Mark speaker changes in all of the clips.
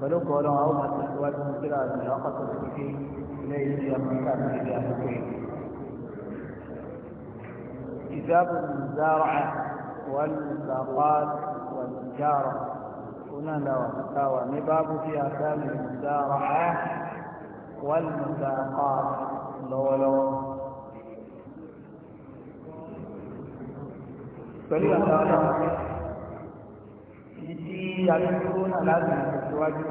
Speaker 1: فلوك ولو
Speaker 2: عوما تسواد من كلا من عقصة في إليه يمكن أن يجب كتاب المزارعة والمساقات والتجارة هنا لو تساوى باب في أحكام المزارعة والمساقات لو لو pẹ̀lú
Speaker 1: àtàwọn
Speaker 2: ìdí àdúgbò náà láti àtẹ̀síwájú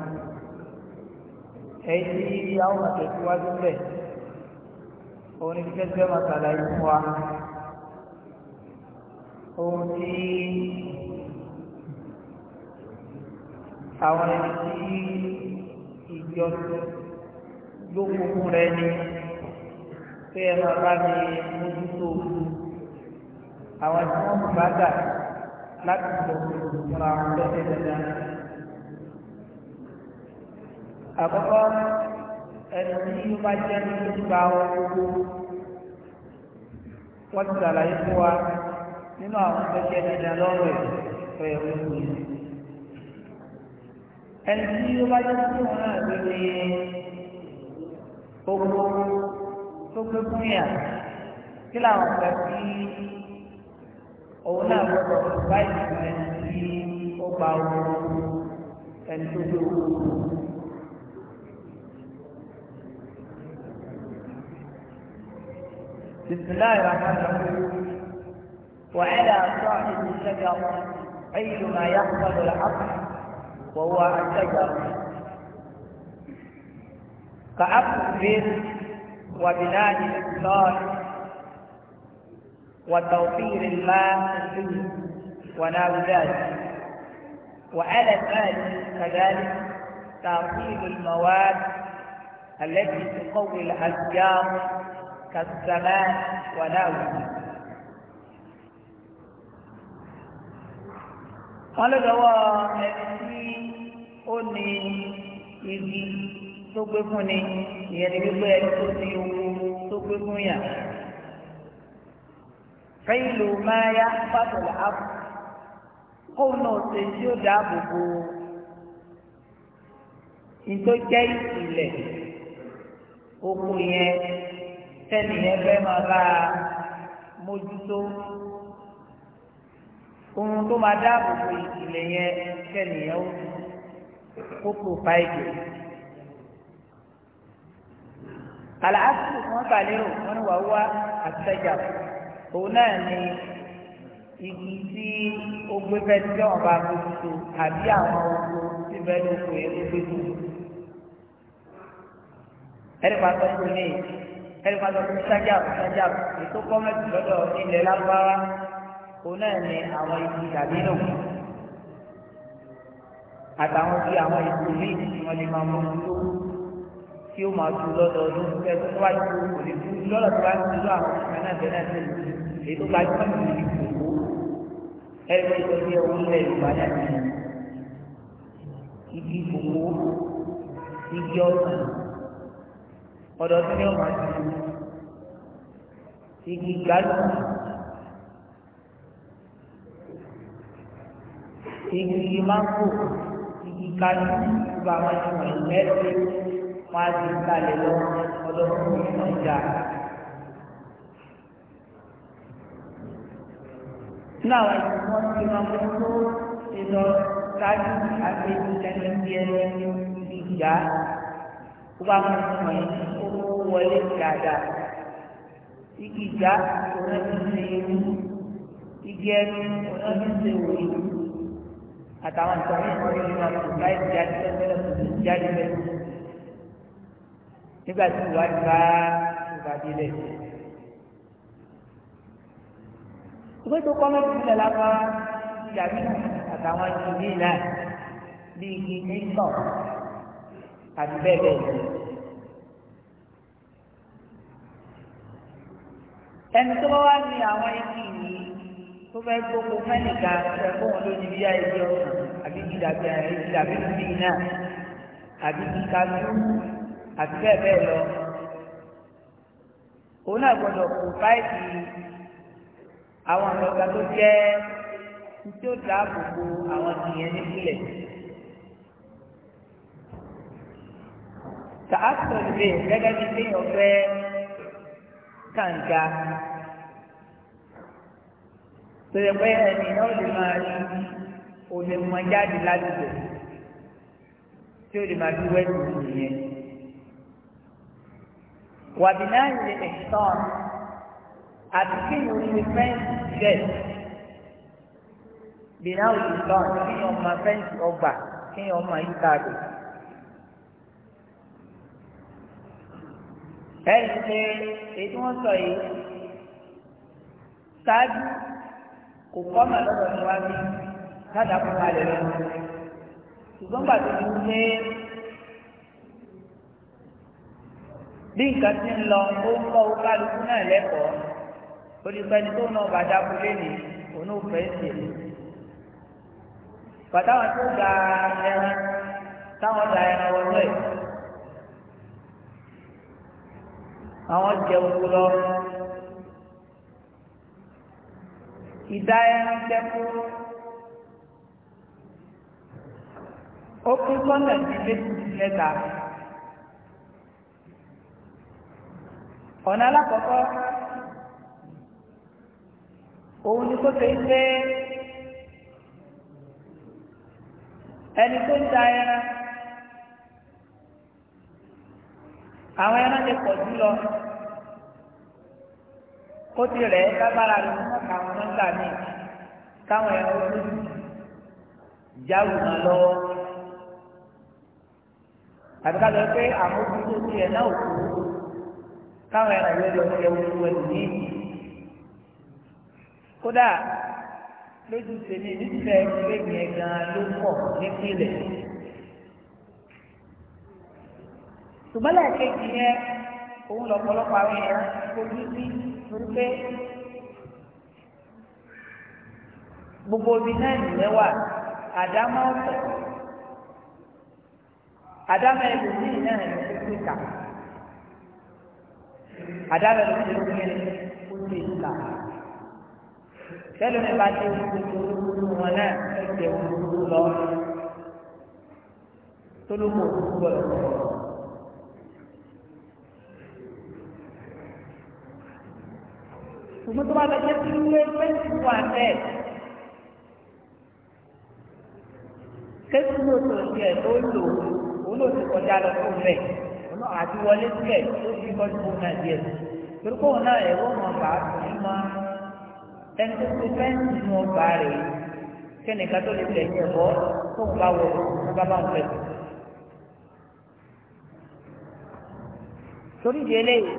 Speaker 2: ẹ̀yí àwọn àtẹ̀síwájú bẹ̀ òun ni kẹ́kẹ́ máa ṣàlàyé fún wa ohun tí àwọn ẹni tí ìjọ lókùnkùn rẹ ni pé ẹ máa bá mi mójútó àwọn tí wọ́n bá dà láti lọ ra ọ̀rẹ́ dáadáa. àkọ́kọ́ ẹni tí ó bá jẹ́ ní gbogbo àwọn wọ́n ti sàlàyé fún wa nínú àwọn tó jẹ́ dídá lọ́rọ̀ ẹ̀ tó yẹ kó kú yìí. ẹni tí ó bá jẹ́ sí òun náà ló ní owó tó gbé fún yà kí làwọn kan sí òun náà gbọdọ̀ báyìí fún ẹni tí ó gba owó ẹni tó gbé owó kú. وعلى صاحب الشجر ما يقبل العقل وهو الشجر فأقبل وبناء الإقصاد وتوفير الماء فيه ونحو ذلك وعلى ذلك كذلك تعطيل المواد التي تقوي الأشجار كالسماء ذلك wọ́n lè dọ́wọ́ ẹni tí ó ní igi tó gbé fún ni ìyẹn ní gbígbé ẹni tó ní owó tó gbé fún yà. fẹ́ìlú máa yá pàtàkì àpò kóun náà ṣe tí ó dáàbò bo ìtọ́jẹ́ ìpìlẹ̀ oko yẹn tẹ́lẹ̀ yẹn fẹ́ máa bá a mójútó ohun tó máa dáàbò bo ìpìlẹ̀ yẹn kẹ́nìyàn ó kó fáìlì. àlàáfíà wọn gbà lérò wọn ni wàá wá àtẹjà òun náà ni igi tí ó gbé bẹ́ẹ̀ tí wọ́n bá gbójú tó àbí àwọn oko tí bẹ́ẹ̀ ló kó yẹn ló gbé tó. ẹ̀rí pàtó kò ní ẹ̀rí pàtó kò ní sájà sájà ètò kọ́mẹ́tì lọ́dọ̀ ilẹ̀ lágbára òun náà ní àwọn ibi tàbí nù àtàwọn bí àwọn ètò míì tí wọ́n lè máa mú un tó tí ó máa tu lọ́dọọdún fẹ́ tó wá ju kò lè tu lọ́dọ̀ tó bá ti lọ àwọn ìgbà náà bẹ̀rẹ̀ náà tẹ̀lé èyí tó bá jọ́ ìlú ìgbòho ẹ̀rọ ìtọ́jú ẹ̀wọ̀n ilẹ̀ Yorùbá náà ti igi gbogbo igi ọ̀sán ọ̀dọ̀ọdún ni ó máa tu igi gbàdúrà. igi mango igi kájú gbogbo àwọn ìwọ̀n ìlẹ́sẹ̀ wọn á ti kalẹ̀ lọ ọlọ́run ní ọjà. nínú àwọn ìwọ̀n tí wọ́n mú tó ti lọ kájú àti ìtẹ́lẹ̀ bí ẹni ibi ìyá gbogbo àwọn ìwọ̀n yìí ó wọlé dáadáa. igi ìjà òun ti ṣe ewu igi ẹni òun ti ṣe òun àtàwọn nǹkan yìí wọ́n yóò máa tún láì jáde lọ́sẹ̀rẹ̀ tó ti jáde lẹ́nu. nígbà tí ìwà ìgbà ìgbà délẹ̀. ìwé tó kọ́ mẹ́tì sílẹ̀ lápá ìyàmí àtàwọn ìlú yìí náà bí igi nígbọ̀ àti bẹ́ẹ̀ bẹ́ẹ̀ ẹni tó bá wá ní àwọn igi yìí tó fẹ́ gbogbo mẹ́nìkà ṣe fún wọn lónìí bí ayé ọ̀sán àbí ìdàbí ìdàbí bíi náà àbí ìkàlù àti bẹ́ẹ̀ bẹ́ẹ̀ lọ. òun náà gbọ́dọ̀ kó fáìlì àwọn àgbàgbà tó jẹ́ tí ó dáàbò bo àwọn ènìyàn nípìnlẹ̀. tààtọ̀ ìbéèrè gẹ́gẹ́ bí pé ọ̀fẹ́ kàǹga tẹ̀lé pé ẹni náà lè máa rí olè mọ jáde ládùúgbò tí ó lè máa dúró ẹ̀sìn nìyẹn. wàbí náà lè ẹ̀sán àti kí ni olè fẹ́ǹsì jẹ́ bí náà lè sàn kí ni ọmọ fẹ́ǹsì ọgbà kí ni ọmọ yìí kàdùn. ẹ̀sìn ṣe èyí tí wọ́n sọ yìí ṣáájú kò kọ́ mà lọ́dọ̀ ní wá ní dáadáa kó kalẹ̀ lọ ṣùgbọ́n gbà tó ti ṣe bí nǹkan ti ń lọ ó ń kọ́ kálukú náà lẹ́kọ̀ọ́ olùkọ́ni tó náà bàjá kú lẹ́nu òun ò fẹ́ ṣe bàtà wọn tó gba ẹran táwọn gba ẹran wọlé àwọn jẹun lọ. ìdá ẹran jẹ́kú ó kún sọ́nà ìdílé mẹ́ta. ọ̀nà alákọ̀ọ́kọ́ òun ni kó ṣe pé ẹni tó ń ta ẹran àwọn ẹran ti pọ̀ jù lọ ó ti rẹ̀ ẹ́ lágbára ló ń kà wọn nígbà míì káwọn ẹ̀rọ lójú jáwù náà lọ́wọ́ àti ká lọ pé àmójútó tiẹ̀ náà ò kú káwọn ẹ̀rọ lórí ọ̀sẹ̀ ẹ̀wù ẹ̀wù ní kódà lójú tèmi nífẹ̀ẹ́ ìwé yẹn gan ló pọ̀ nípìnlẹ̀ ṣùgbọ́n lẹ́ẹ̀kejì yẹn òun lọ́pọ̀lọpọ̀ àwọn èèyàn fojú sí torí pé gbogbo omi náà nìyẹn wà àdámọ́ ọ̀fẹ́ àdámọ́ ẹlòmíì náà ní áfíríkà àdámọ́ ẹlòmíì ló kéré ó lè là tẹ́lẹ̀ mi bá dé gbogbo wọn náà ẹgbẹ̀rún lọ tó ló mọ̀ òkú gbọ́dọ̀ lọ́wọ́. ṣùgbọ́n tó bá lọ jẹ́ sí ilé fẹ́ǹsì wà bẹ́ẹ̀. kẹ́sì ló tó ṣe ẹ̀ tó lò ó lò ti kọjá lọ fún bẹ́ẹ̀ ọ̀nà àti wọlé sílẹ̀ tó fi kọ́ sí òun náà díẹ̀ torí pé òun náà ẹ̀wọ́ mọ̀ bá ní máa ẹni tó ti fẹ́ǹsì mọ̀ bá rèé kẹ́nìkan tó lè tẹ̀lé ẹ̀kọ́ tóun bá wọ̀ ọ́n bá bá ń fẹ́ torí ìdí eléyìí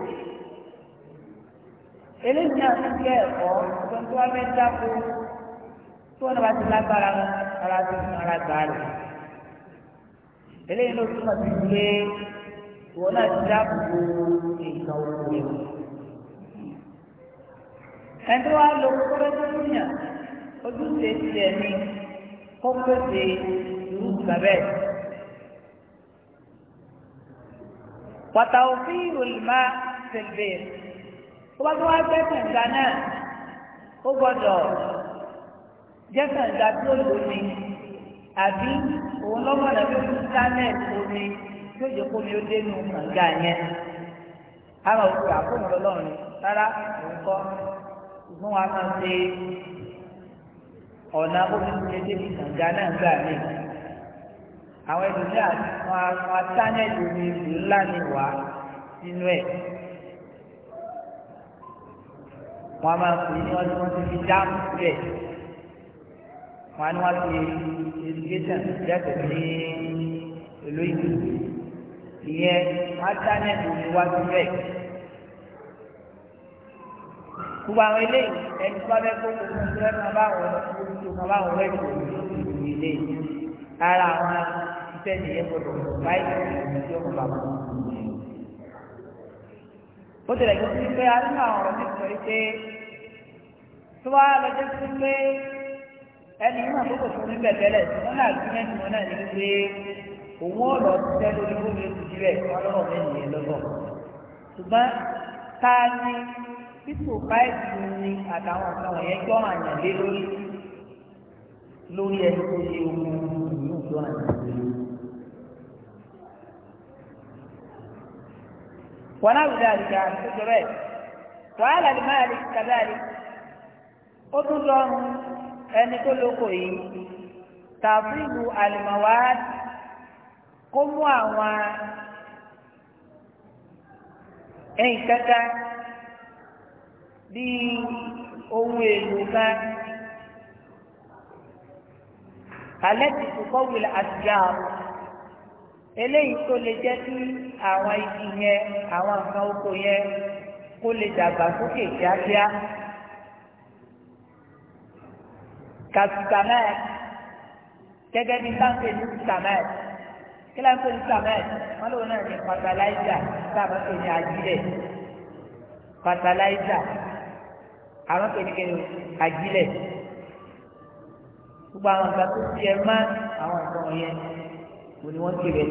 Speaker 2: eléyìí náà ti jẹ́ ẹ̀kọ́ ọ̀gbọ́n tó wá fẹ́ dáko tí wọ́n bá ti lágbára wọn ara tó fún ara gbà rẹ̀. eléyìí ló túmọ̀ sí pé ìwọ náà ti dáàbò bo nǹkan rẹ̀. ẹni tó lo kókóró tó fún yàn ojúṣe tiẹ̀ ní kó pèsè irú ìgbà bẹ́ẹ̀. pàtàkì ìròyìn máa ṣẹlẹ̀ bẹ́ẹ̀ tó bá tó wá jẹ́ kànga náà ó gbọ́dọ̀ jẹ́ kànga tó lómi àbí òun lọ́mọdé tó fi sánẹ̀tì omi tó yẹ kó mi ó dénú kànga yẹn àwọn òkú àkóhùn lọ́lọ́run rárá òun kọ́ ìgbọ́n wa máa ń ṣe ọ̀nà omi tó lè débi kànga náà gbà mí àwọn ẹlòmíràn wọn á sánẹ̀tì omi ńlá ni wà nínú ẹ̀ wọn máa pè ní wọn tí wọn ti fi já sílẹ̀ wọn ni wọn ti education jẹ́pẹ̀ ní ìlú ìlú ìyẹn wọn dá nẹ́ẹ̀tì omi wá sílẹ̀ gbogbo àwọn ilé ẹni tó bá fẹ́ kó gbogbo ìṣẹ́ kan bá wọn tó kan bá wọn wẹ̀ kó ìlú ilé ara àwọn iṣẹ́ nìyẹn gbọdọ̀ báyìí ìṣẹ́ ọmọ bàbá wọn bó tilẹ̀ jẹ́ sí pé arúgbó àwọn ọ̀rọ̀ nípa ìpè tó wá lọ jẹ́ sí pé ẹni náà tó kò fún mi bẹ̀ tẹ́lẹ̀ tí wọ́n náà gbé mẹ́tì wọn náà ní pé òun ò lọ tẹ́ lórí bóbi oṣù tirẹ̀ wọn lọ́rọ̀ mẹ́rin yẹn lọ́gbọ̀ ṣùgbọ́n ta ni pípò báyìí ni àtàwọn kan wọ̀nyẹn gbọ́ àyàn lé lórí lórí ẹni tó ṣe ogun ìlú ìjọ àyàn. ونحو ذلك عن الحجرات وعلى المالك كذلك ó tún lọ ẹni tó lóko yìí tàbílù àlùmọ̀wá kó mú àwọn ẹ̀yìn kẹta bíi ohun èlò kan alẹ́ ti kọ́kọ́ wìlà àtijọ́ àwọn eléyìí tó lè jẹ́ kí àwọn igi yẹn àwọn nǹkan oko yẹn kó lè dàgbà sókè kíákíá kàtùkàmẹ́ẹ̀ gẹ́gẹ́ bí sáńpẹ̀ ní kàmẹ́ẹ̀ kí láń pè ní kàmẹ́ẹ̀ wọ́n lóun náà ní fatalaisa sábà pè ní ajílẹ̀ fatalaisa àwọn pè ní kẹ́lẹ́ ajílẹ̀ gbogbo àwọn nǹkan tó ti ẹ̀ máa àwọn nǹkan yẹn mo ni wọ́n ti rẹ̀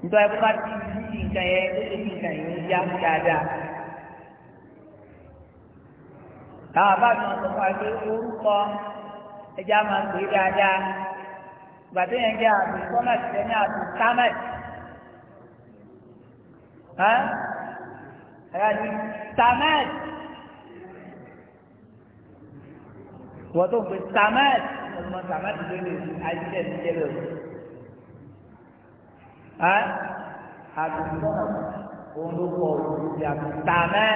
Speaker 2: nítorí ẹ̀kọ́ bá ti di nǹkan yẹn ó lè fi nǹkan yẹn yá dáadáa. àwọn àbáàmì ọ̀sán fún àgbẹ̀ orúkọ ẹja máa ń pè é dáadáa gbàtí yẹn jẹ́ àbí sọ́mẹ̀tì tẹ́ àbí sámẹ̀tì. ẹ̀yà ni sámẹ̀tì wọ́n tó ń pè sámẹ̀tì ọmọ sàmàtì lónìí àìsẹ̀ ti jẹ́ lọ. àdùnnà òun ló kọ òkùnkùn yàtọ̀ tàmẹ́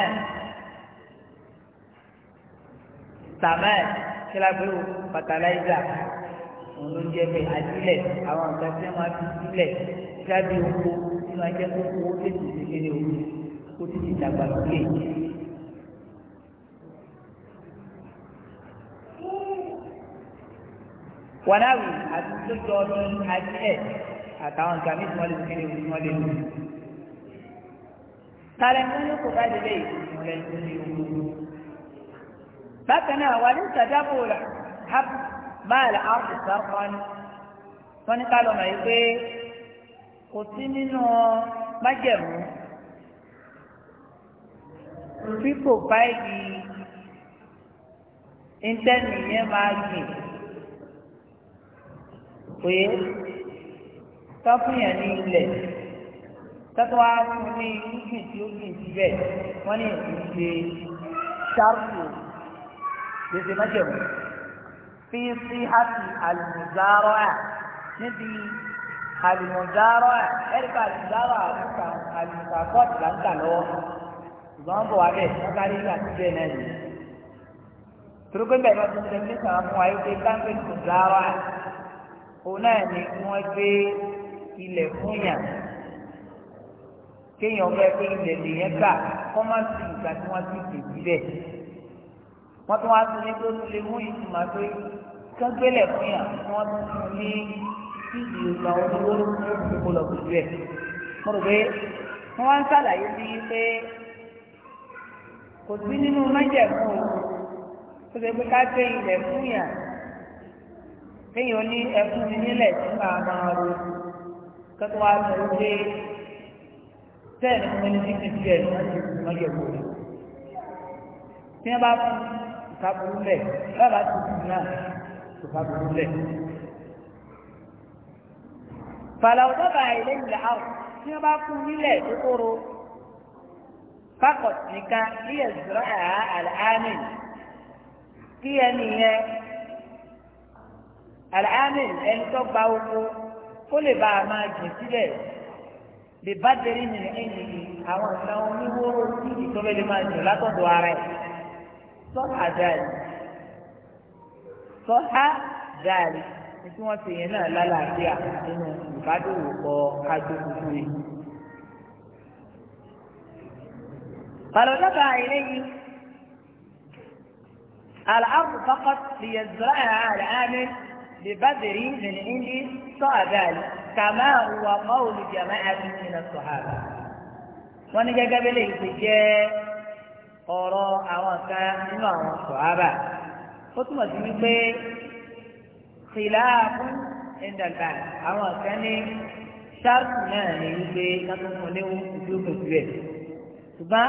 Speaker 2: tàmẹ́ kíláàbù fatalaisa òun ló jẹ́ bẹ́ẹ̀ àdílẹ̀ àwọn nǹkan tí wọ́n ti sílẹ̀ jáde oko tí wọ́n jẹ́ kókó ó tètè kékeré o ó tètè dàgbà lókè wàláwì àti tójọ ní àti ẹ̀ àtàwọn nǹkan mi tí wọ́n lè fi kéde wọ́n lè lò. kálẹ̀ ní olóko bá lè lè wọ́n lè lò ní olóko. bákan náà wà ní sàdábò rà hábù máa là áwùjọ wọ́n ní kálọ̀ mọ̀ yìí pé kò sí nínú májẹ̀mú fífò báyìí ń tẹ́nu yẹn máa gbìn pé tọ́fìyàn ní ilẹ̀ tọ́tọ́ wá fún ní gbìn tí ó gbìn síbẹ̀ wọ́n ní ìṣe ṣáàpù gbèsè májèmú fi sí àti àlùmọ̀zárọ́ à níbi àlùmọ̀zárọ́ à ẹ̀ríkà àlùmọ̀zárọ́ à nípa àlùmọ̀kọ́ọ̀tì là ń kà lọ́wọ́ ṣùgbọ́n bọ̀ wá bẹ̀ wọ́n kárí ìgbà bẹ́ẹ̀ náà nìyí. turugbẹ́bẹ̀rẹ̀ ọdún tẹ̀lé sàn án fún wa yóò dé káńpé òun náà ni wọ́n gbé ilẹ̀ fún yàn kéèyàn fẹ́ pé ilẹ̀ lèyẹn gbà kọ́ má sí ìgbà tí wọ́n ti dè síbẹ̀ wọ́n tún wá sí ní pé ó tún lè mú ìtumọ̀ pé kẹ́gbẹ́lẹ̀ fún yàn wọ́n tún fún ní ìdí ìgbà olówó ló fún òkú kó lọ gbogbo ẹ̀ mo rò pé wọ́n wá ń ṣàlàyé sí i pé kò sí nínú májẹ̀mú o tó ṣe pé ká gbé ilẹ̀ fún yàn kéèyàn ní ẹkún mi nílẹ̀ tí màá máa ro kẹ́kọ̀ọ́ wa sọ wípé tẹ́ẹ̀nì fún mi ní fífi díẹ̀ láti ìgbìmọ̀ mọ́jọ̀gbò rẹ̀. tí wọ́n bá fún ìkàbùrú lẹ̀ lọ́la tó kù náà ìkàbùrú lẹ̀. fàlàwọ́ bàbá ilé ìlà tí wọ́n bá fún nílẹ̀ tó kóró fákọ̀tì nìkan ilẹ̀ zùrọ̀ àhà àlàámì kí ẹni yẹn àlàámì ẹni tó gba oko kó lè bá a máa jìn sílẹ̀ lè bá deri nìyẹn ẹ̀yìn àwọn ìlànà oníwó ìtọ́lẹ́lẹ́ máa jìn látọ̀dọ̀ ara ẹ̀ sọ́ha dáàlì sọ́ha dáàlì ní tí wọ́n ti yẹn náà lálàáfíà nínú ìbádòwò kọ adókòwò yìí. فلوجدها إليه الأرض فقط ليزرعها العامل ببذر من عند صعبان كما هو قول جماعة من الصحابة wọ́n ní gẹ́gẹ́ bẹ́lẹ̀ yìí ti jẹ́ ọ̀rọ̀ àwọn kan nínú àwọn sọ̀hábà ó túmọ̀ sí wípé kìláàbù ẹ̀ńdàgbà àwọn kan ní sáàtù náà ní wípé kátófò ní ojú òkú rẹ̀ ṣùgbọ́n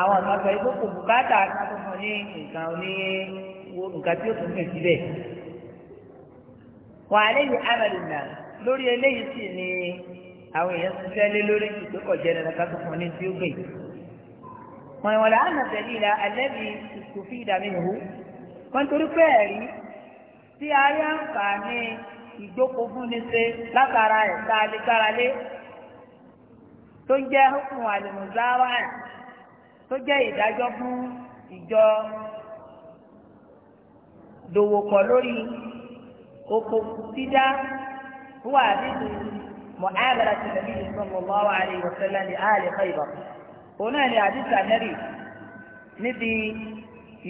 Speaker 2: àwọn kan sọ ìgbókòó bùkátà kátófò ní nǹkan oní nǹkan tí ó tún fẹ̀ síbẹ̀ wà á léyìn amẹ́lì náà lórí eléyìí sì ni àwọn èèyàn ti fẹ́ lé lórí ju tó kọjá ẹ̀rọ ká tó fún ní tí ó gbè. wọ́n wọ́n lọ àná tẹ̀lé ìlà alẹ́bí kò fi ìdààmú ìhú. wọ́n torí pé ẹ̀rí tí a yá ìjókòó fún ní ṣe látara ẹ̀ tá a lè gbára lé tó ń jẹ́ hukun àlùmùsáwà tó jẹ́ ìdájọ́ fún ìjọ dòwòpọ̀ lórí oko dídá huwa àdìsí mu'amala ti nàbí sallallahu alayhi wa sallam ní àlè Khaybar òun náà ni àdìsí ànẹ́rì níbi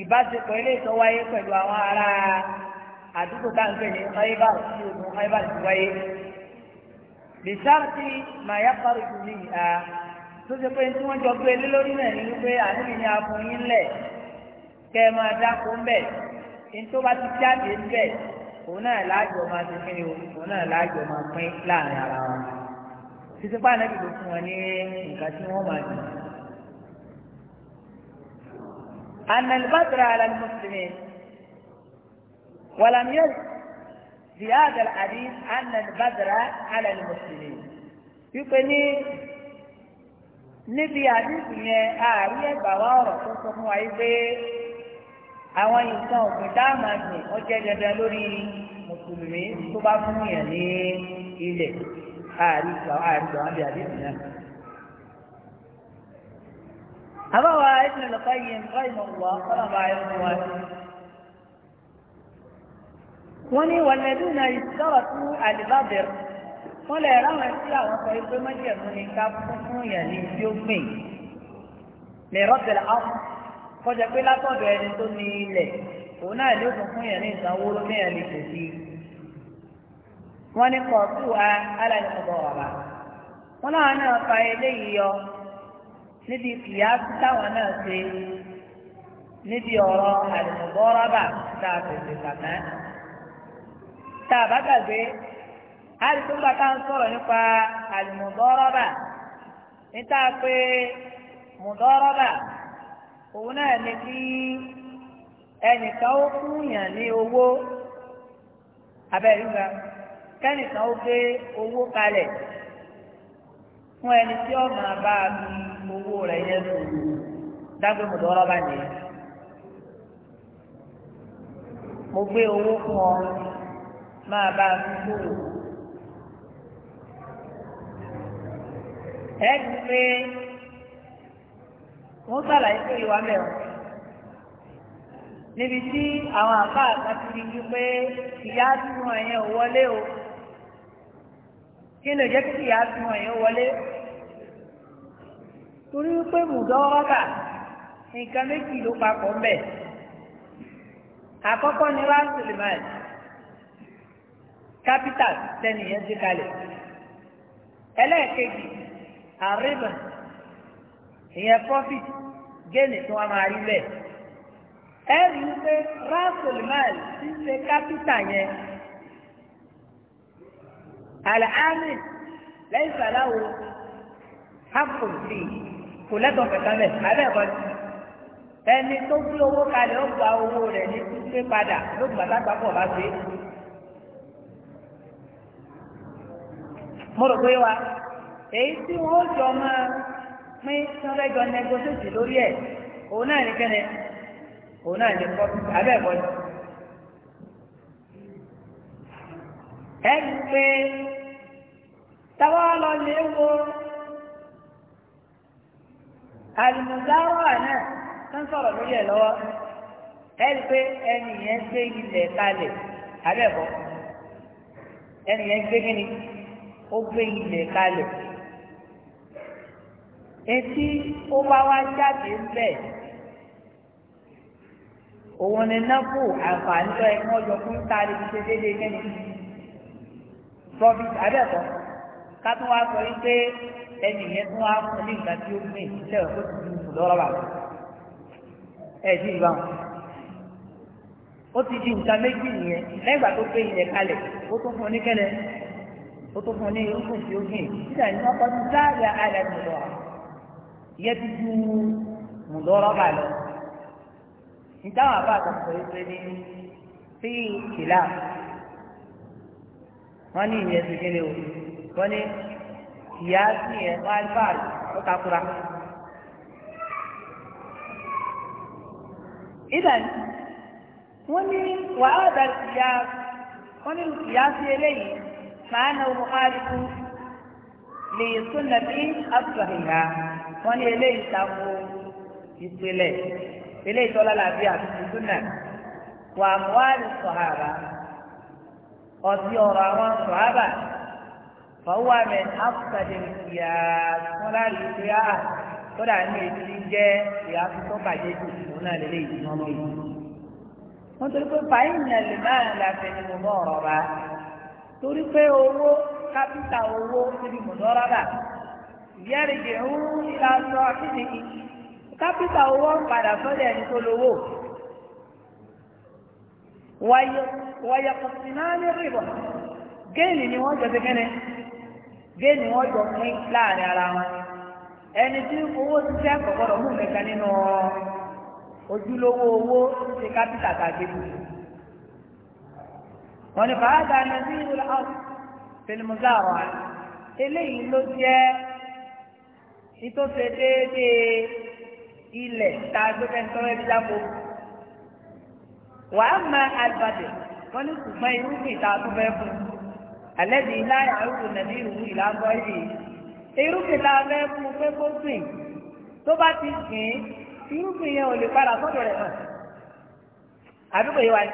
Speaker 2: ìbáṣepọ̀ ilé ìtọ́ wáyé pẹ̀lú àwọn ará a òun náà láàjọ máa ti kí ni o òun náà láàjọ máa pín láàrin ara wọn títí pa ànábì ló fún wọn ní nǹkan tí wọ́n máa dùn. ànàlùbádùrà ara ni mùsùlùmí wàlàmíyàn fi hàdà àdí ànàlùbádùrà ara ni mùsùlùmí wípé ní níbi àdìsí yẹn àárí ẹgbàá wa ọ̀rọ̀ tó sọ fún wa yìí pé àwọn nǹkan ọ̀gbìn tá a máa gbìn ó jẹ́ dandan lórí mùsùlùmí tó bá fún yàn ní ilẹ̀ ààrí ìgbà ààrí ìgbà wọn bí àdéhùn náà. àbáwá ẹ̀sìn ọ̀lọ́kọ́ yìí ń bá ìmọ̀ wà ọlọ́ba ayọ́mọ wa wọ́n ní wàlẹ́dún náà ìsọ̀rọ̀ fún àlìbábẹ̀rù wọ́n lè ráwọn sí àwọn sọ pé mọ́jẹ̀mú ni ká fún yàn ní tí ó gbìn lè rọ́bẹ̀rẹ̀ áwọn. kọjá pé látọ̀dọ̀ ẹni tó ní ilẹ̀ òun náà ló fún fún yẹn ní ìsanwó ló mẹ́rin lè kò wọ́n ní wa wọ́n náà fa eléyìí yọ níbi kìyàsí táwọn náà ṣe níbi ọ̀rọ̀ tá a fèsì kàná. tá a bá gbàgbé àìsọ̀gbà tá a ń sọ̀rọ̀ nípa àìsọ̀bọ̀ níta òun náà ni kí ẹnìkan ó fúnyàn ní owó abẹ́rúgba kẹ́nìkan ó gbé owó kalẹ̀ fún ẹni tí ó bá a fi owó rẹ̀ yẹn lò dágbé mọ̀tò ọlọ́ba nìyẹn. mo gbé owó fún ọ máa wọ́n sàlàyé pé ìwà mẹ́rin níbi tí àwọn àbá àti ìlú pé ìyá túmọ̀ ẹ̀yẹn ò wọlé o kí ló jẹ́ kí ìyá túmọ̀ ẹ̀yẹn ò wọlé torí pé mùdọ́rọ́bà nǹkan méjì ló papọ̀ ń bẹ̀ àkọ́kọ́ ni rásùlùmáì capital tẹ́nìyẹn ti kalẹ̀ ẹlẹ́ẹ̀kejì àríbọn ìyẹn profit géènì tí wọ́n máa rí bẹ́ẹ̀ ẹ rí i pé rasulmal ti ṣe kápítà yẹn alhami lẹ́yìn sàláwo hapun sí kò lẹ́tọ̀ọ́ kẹta mẹ́ abẹ́ ẹ̀kọ́ ni ẹni tó gbé owó kalẹ̀ ó gba owó rẹ̀ ní pípé padà ló gbàgbà gbàgbọ́ bá gbé. mo rò pé wa èyí tí wọ́n jọ máa. pé tí wọ́n fẹ́ lórí ẹ̀ òun náà ní kẹ́nẹ̀ òun náà ní kọ́pì abẹ́ ẹ̀kọ́ ẹ ń lọ lè wo àlùmọ̀sáwà náà tó ń sọ̀rọ̀ lórí ẹ̀ lọ́wọ́ ẹ ń pé yẹn gbé ilẹ̀ kalẹ̀ abẹ́ ẹ̀kọ́ yẹn gbé ó gbé ilẹ̀ kalẹ̀. etí ó bá wá jáde ńbẹ̀ òun ni náfò àǹfààní lọ ẹ wọn yọ fún tari ṣe déédéé kẹ́ni profit abẹ́ẹ̀kọ́ ká wá sọ wípé ẹnì yẹn tún wá fún ní ìgbà tí ó gbìn ìṣẹ́ rẹ̀ kó ti di ìfò lọ́rọ̀ bàbá ẹ̀ sí ìbá wọn. ó ti di nǹkan méjì nìyẹn lẹ́gbàá tó gbé ilẹ̀ kalẹ̀ ó tún fún oníkẹ́lẹ̀ ó tún fún ní irúgbìn tí ó gbìn nígbà yìí wọ́n kọ́ sí sáàyà àlẹ́ mi lọ́wọ́ yẹ ti ju mùdọ́rọ́bà lọ nítawọn àbá àtàkùn yìí pé ní sí ìlà wọn ní ìyẹn ti kéde o wọn ní ìyá sí yẹn wọn á ó takura. idan wọn ní wàhálà dà ìyá wọn ní ìyá sí eléyìí màá na òun máa rí kú lè sún nàbí àtúwàhìyà wọ́n ní eléyìí tako ìpìlẹ̀ eléyìí tọ́lá làbí àtúntò súnà wà mọ́àlì sọ̀hàbà ọtí ọ̀rọ̀ àwọn sọ̀hàbà fọwọ́ mi afọ̀dé ìyá tọ́lá lùpẹ́ à tọ́lá ní ètí jẹ́ ìyá tó bàjẹ́ jù fún náà lélẹ́yìí tí wọ́n mọ̀ yìí. wọ́n torí pé fàáyìn náà máa ń la fẹ́ ni mo mọ̀ ọ̀rọ̀ bá torí pé owó kápítà owó síbi mọ̀dọ́rọ̀ bá yẹ́rìndì ń la sọ kíndìkì kápítà owó ń padà sọ́dọ̀ ẹni tó lówó wàyẹ̀ kùsì náà ní rìbọ̀ géènì ni wọ́n jọ ti kẹ́ni géènì wọ́n jọ pín láàrin ara wọn ẹni tí owó ti fẹ́ kọ̀kọ́rọ̀ mú nǹkan nínú ojúlówó owó ti kápítà kàgbébù
Speaker 1: wọ́n ní fàáta nàbí ìlú
Speaker 2: ọ̀hún fìlìmù záàrọ̀ eléyìí ló jẹ́ nítòsí déédéé ilẹ̀ tá a gbé fẹ́ni tọ́wọ́ ẹbí lápò. wàá ma àlùbàdàn wọ́n ní ṣùgbọ́n irúgbìn tá a tún fẹ́ fún un. alẹ́ bíi láyà arúgbó nàbí ìrùwù ìlàgbọ́ yìí. irúgbìn tá a fẹ́ fún un pé kó gbìn tó bá ti gbìn irúgbìn yẹn ò lè padà sọ́dọ̀ rẹ̀ mọ̀. àdúgbò yìí wáyé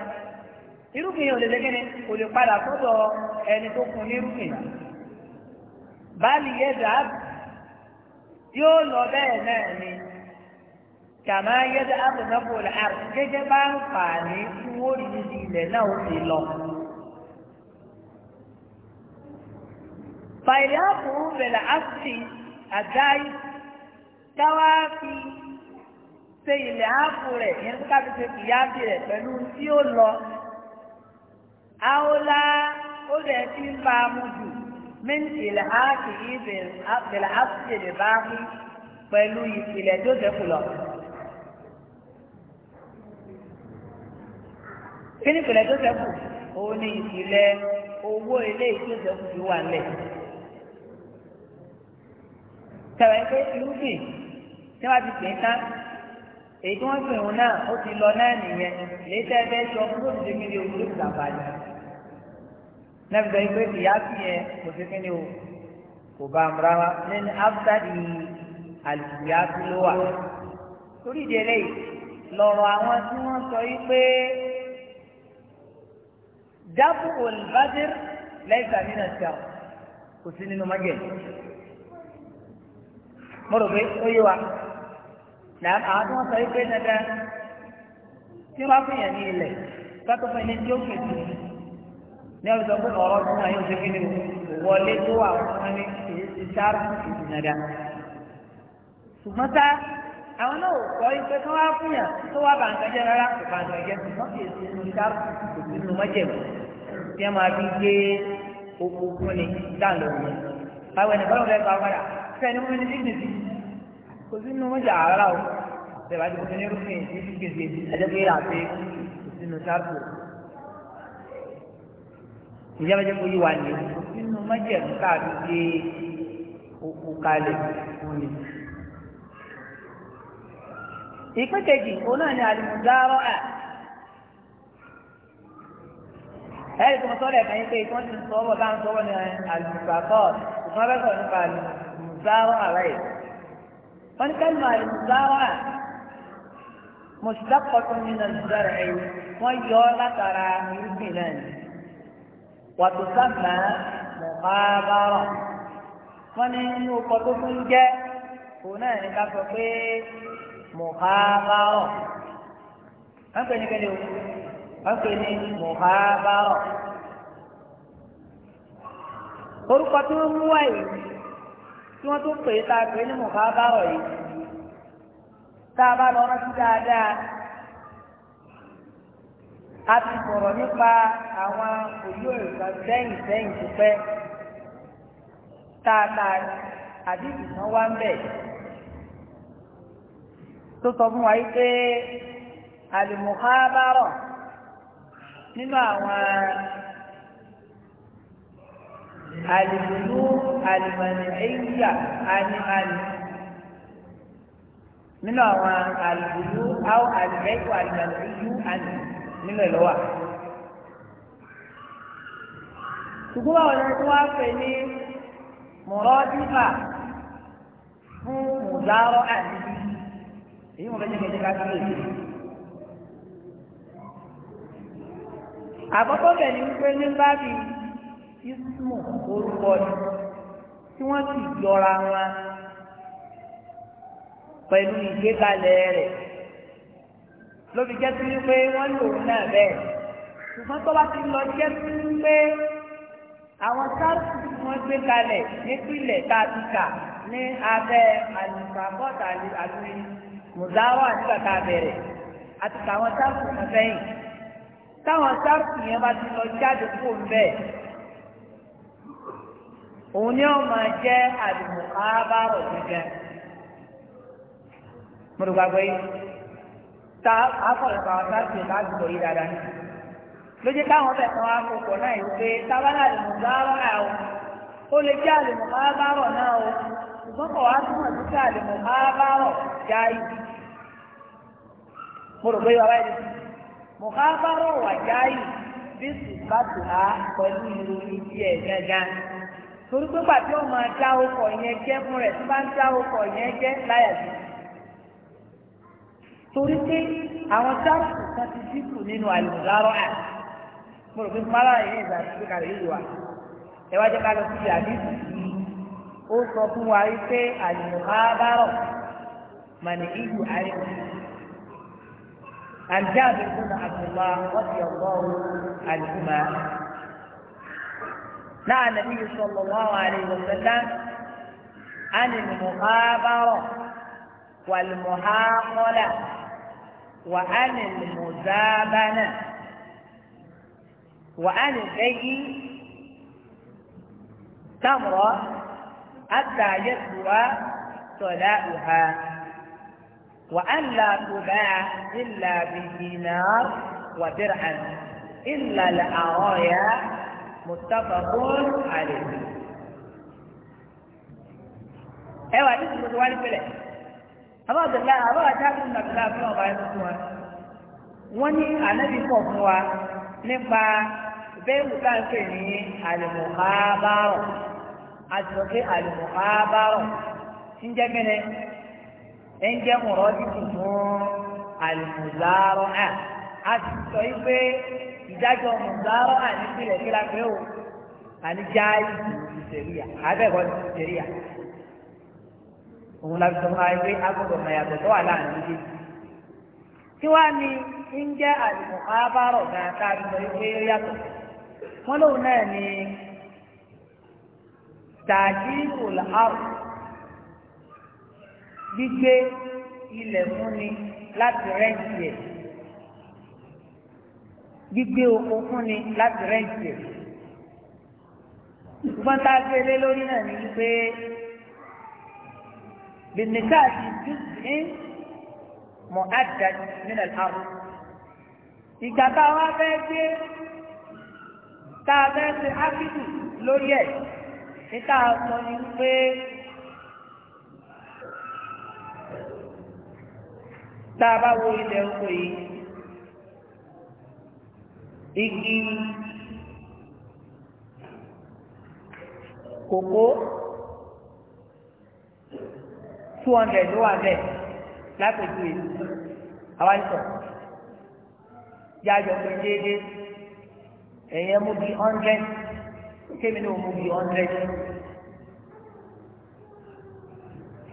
Speaker 2: irúgbìn yẹn ò lè lẹ́gẹ́ni kò lè padà sọ́dọ̀ ẹni tó kun irúgbìn báàlì yẹ dàá yóò lọ bẹ́ẹ̀ náà ni kàmá yẹ́dẹ́ àbùnáfò làárọ̀ gẹ́gẹ́ bá ń fà ní tí wọ́n rí níbi ilẹ̀ náà ó ti lọ. fàìlì àbùrù bẹ̀rẹ̀ àti àdáyé káwá fi ṣe ilẹ̀ ààbò rẹ̀ yẹn tó kábi ṣe kìyàbí rẹ̀ pẹ̀lú tí ó lọ. àwòlá ó rẹ̀ ti ń bá a mú jù. من ìlàákì ìbẹ̀lẹ̀ àfìlẹ̀ báàkì pẹ̀lú ìpìlẹ̀ tó dẹ́kun lọ. kí ni ìpìlẹ̀ tó dẹ́kun? òun ni ìpìlẹ̀ owó ilé tó dẹ́kun ti wà lẹ̀. tẹ̀wẹ̀ pé irúgbìn tí wọ́n ti pè é tán èyí tí wọ́n pè òun náà ó ti lọ náà nìyẹn lè bẹ́ẹ̀ sọ fún òṣèlú mi ní olùdókòwò àbájá nẹ́ẹ̀bí sọ pé kìyà sí yẹn kò sí kí ni o kò bá mu rárá lẹ́nu áfítàdì àlùkìyà sí ló wà. torí ìdí eléyìí lọ́rọ̀ àwọn tí wọ́n sọ yìí pé dábò olùbádé lẹ́yìn tàbí náà ṣe kò sí nínú májẹ̀. mo rò pé ó yé wa làá àwọn tí wọ́n sọ yìí pé dandan tí wọ́n bá yàn ní ilẹ̀ kátó fún ẹni tí ó fèsì ní ọ̀rọ̀ sọ pé ọ̀rọ̀ tí náà yóò ṣe kí ni wọlé tó wà fún mi èyí ti sáré ìdìnnàdà ṣùgbọ́n sá àwọn náà ò kọ́ ipe kí wọ́n á fún yàn tó wà bá nǹkan jẹ́ rárá kò bá nǹkan jẹ́ ṣùgbọ́n kì í ṣe inú sáré mọ́jẹ̀mú tí wọ́n máa fi gbé oko fún ni dáàlú mi báwo ni bọ́lá ọ̀rẹ́ gba padà fẹ́ẹ́ ni wọ́n ní bíbí kò sí inú mọ́jà rárá o ṣèwádìí kò sí ní rúfin ìdí ìjẹ́mẹ́jẹ́ kò yí wa ní nínú májẹ̀mú káàdùn gbé òkú kalẹ̀ fún mi. ìpín kejì òun náà ni àlùmùdárọ́ à ẹ̀rí tó ń sọ́ọ́ lẹ́ẹ̀kan yín pé kí wọ́n ti ń sọ ọ́ bọ̀ bá ń sọ ọ́ ní àlùmùdárọ́ ìfọ́n bẹ́ẹ̀ sọ̀rọ̀ nípa àlùmùdárọ́ àrẹ́ wọ́n ní kẹ́lí àlùmùdárọ́ à mọ̀ṣídàpọ̀ tó ní nàìjíríà rẹ̀ wọ́n yọ ọ́ látara irúgbìn náà wàtúsàmà mùkábàrọ̀ wọ́n ní inú ọkọ̀ tó tún jẹ́ òun náà ní ká sọ pé mùkábàrọ̀ wọ́n pè ní kẹ́lẹ́ o wọ́n pè ní mùkábàrọ̀ orúkọ tí wọ́n mú wáyé tí wọ́n tún pè é tá a ní mùkábàrọ̀ yìí tá a bá lọ rántí dáadáa a ti sọ̀rọ̀ nípa àwọn òyò ìgbà sẹ́yìn sẹ́yìn tó pẹ́ táatáa àbí ìtàn wá ń bẹ̀ tó sọ fún wa yìí pé àlùmùhábárọ̀ nínú àwọn àlùmùnú àlùmọ̀nì ẹ̀yà àníhàní nínú àwọn àlùmùnú àwọn àlùmẹ́kọ̀ọ́ àlùmọ̀nì ẹ̀yù àníhàní nínú ẹ̀ lọ́wọ́ ṣùgbọ́n àwọn ẹni tí wọ́n á pè ní mọ̀rọ́dífà fún mùdárọ́ àti èyí wọn bẹ jẹ́ kẹjẹ ká sílẹ̀ sí. àkọ́kọ́ bẹ̀ ni wípé ní bábí ismu orúkọ ni tí wọ́n ti jọra wọn pẹ̀lú ìgbékalẹ̀ rẹ̀ ló fi jẹ́ sí wípé wọ́n lò ó náà bẹ́ẹ̀ ṣùgbọ́n tó bá ti lọ jẹ́ sí wípé àwọn sáàsì tí wọ́n gbé kalẹ̀ nípìnlẹ̀ tá a ti kà ní abẹ́ àlùfàbọ́tà àti mùdáwà nígbà tá a bẹ̀rẹ̀ àti káwọn sáàsì kan sẹ́yìn táwọn sáàsì yẹn bá ti lọ jáde kó ń bẹ́ẹ̀ òun ni ó máa jẹ́ àdìmọ̀ ábárò gẹ́gẹ́ yìí ta akọ̀lọ̀pọ̀ àwọn táàkì láti bọ̀ yí dáadáa ní. lójú káwọn bẹ̀ kan wá kókò náà yìí pé tábàlà lè mú báárọ̀ náà o ó lè jẹ́ àlèmọ̀ báárọ̀ náà o ṣùgbọ́n kọ̀ wá túmọ̀ sí pé àlèmọ̀ báárọ̀ já ibi. mo rò pé bàbá yìí mọ̀ báárọ̀ wà já yìí bí sùpàtù á pẹ̀lú ìròyìn díẹ̀ gángan torí pé pàtó máa dá okọ̀ yẹn jẹ́ fún rẹ̀ tó bá ń dá okọ̀ yẹn jẹ́ láyà sí torí pé àwọn sáàpù kan ti dínkù nínú àlùmọ́lárọ́ à mo rò pé mara yìí ìgbà tó kàlẹ́ yìí wà ẹ wá jẹ́ ká lọ sí àdéhùn yìí ó sọ fún wa pé àlùmọ́lárọ́ màní ìlú àìkú àjáde fún àbùmá wọ́n ti ọ̀gbọ́n àlùmọ́. نهى النبي صلى الله وعن المزابنة وعن الشيء تمرة حتى يسوى صلاؤها وأن لا تباع إلا بدينار ودرعا إلا الأرايا متفق عليه. أيوة هذه المتوالي في abáwọ̀dọ̀lá abáwọ̀dáàbò nàbìlá fún ọba ẹni fún wa wọ́n ní ànábì pọ̀ fún wa nípa bẹ́ẹ̀rù táǹkì ní àlùmọ̀kábárọ̀ àtìlọ́kẹ́ àlùmọ̀kábárọ̀ ń jẹ́ mẹ́rẹ̀ ń jẹ́ mọ̀rọ̀ dídùn fún àlùmọ̀zárọ̀ náà a ti sọ yí pé ìdájọ́ mọ̀zárọ̀ náà ní ìpìlẹ̀ kílápẹ́ o àní jáì ìṣẹ̀ríyà abẹ́kọ̀ọ́ ìṣẹ̀ríyà òun la fi sọ fún ya pé tó wà láàrin méjì tí wàá ní ń jẹ́ àlùkò ábárọ̀ gan ká fi pé ó yàtọ̀ wọn lóun náà ní gbígbé ilẹ̀ fúnni بالنكاح جزء مؤدد من الأرض ìgbà tá a wá fẹ́ gbé tá a fẹ́ ṣe ákìtù lórí ẹ̀ ní tá a sọ ni pé tá a bá wo ilẹ̀ oko yìí igi kòkó two hundred ló wà bẹ́ẹ̀ lápẹ̀jù èyí àwa ń sọ yájọ pé déédéé ẹ̀yẹ mú bí hundred kémi ní o mú bí hundred